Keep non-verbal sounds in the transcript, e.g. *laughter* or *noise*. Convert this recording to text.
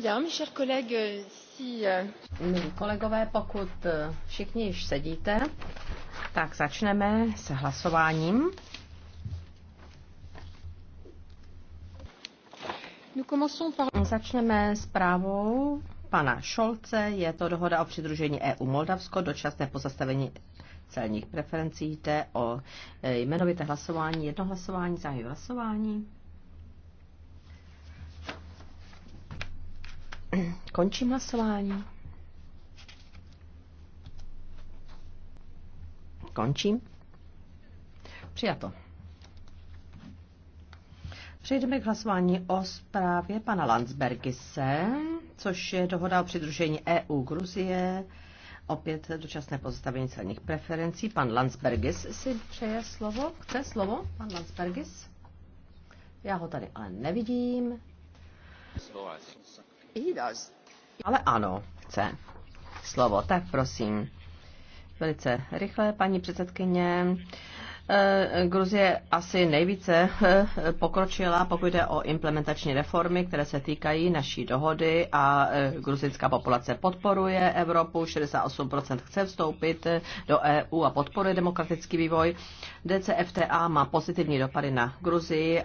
Euh, kolegové, pokud eh, všichni již sedíte, tak začneme s hlasováním. Začneme s zprávou pana Šolce. Je to dohoda o přidružení EU Moldavsko, dočasné pozastavení celních preferencí. Jde o eh, jmenovité hlasování, jedno hlasování, zahájí hlasování. *clears throat* Končím hlasování. Končím. Přijato. Přejdeme k hlasování o zprávě pana Landsbergise, což je dohoda o přidružení EU Gruzie, opět dočasné pozastavení celních preferencí. Pan Landsbergis si přeje slovo. Chce slovo, pan Landsbergis? Já ho tady ale nevidím. Slováci. Ale ano, chce slovo. Tak prosím. Velice rychle, paní předsedkyně. Eh, Gruzie asi nejvíce eh, pokročila, pokud jde o implementační reformy, které se týkají naší dohody a eh, gruzinská populace podporuje Evropu, 68% chce vstoupit do EU a podporuje demokratický vývoj. DCFTA má pozitivní dopady na Gruzii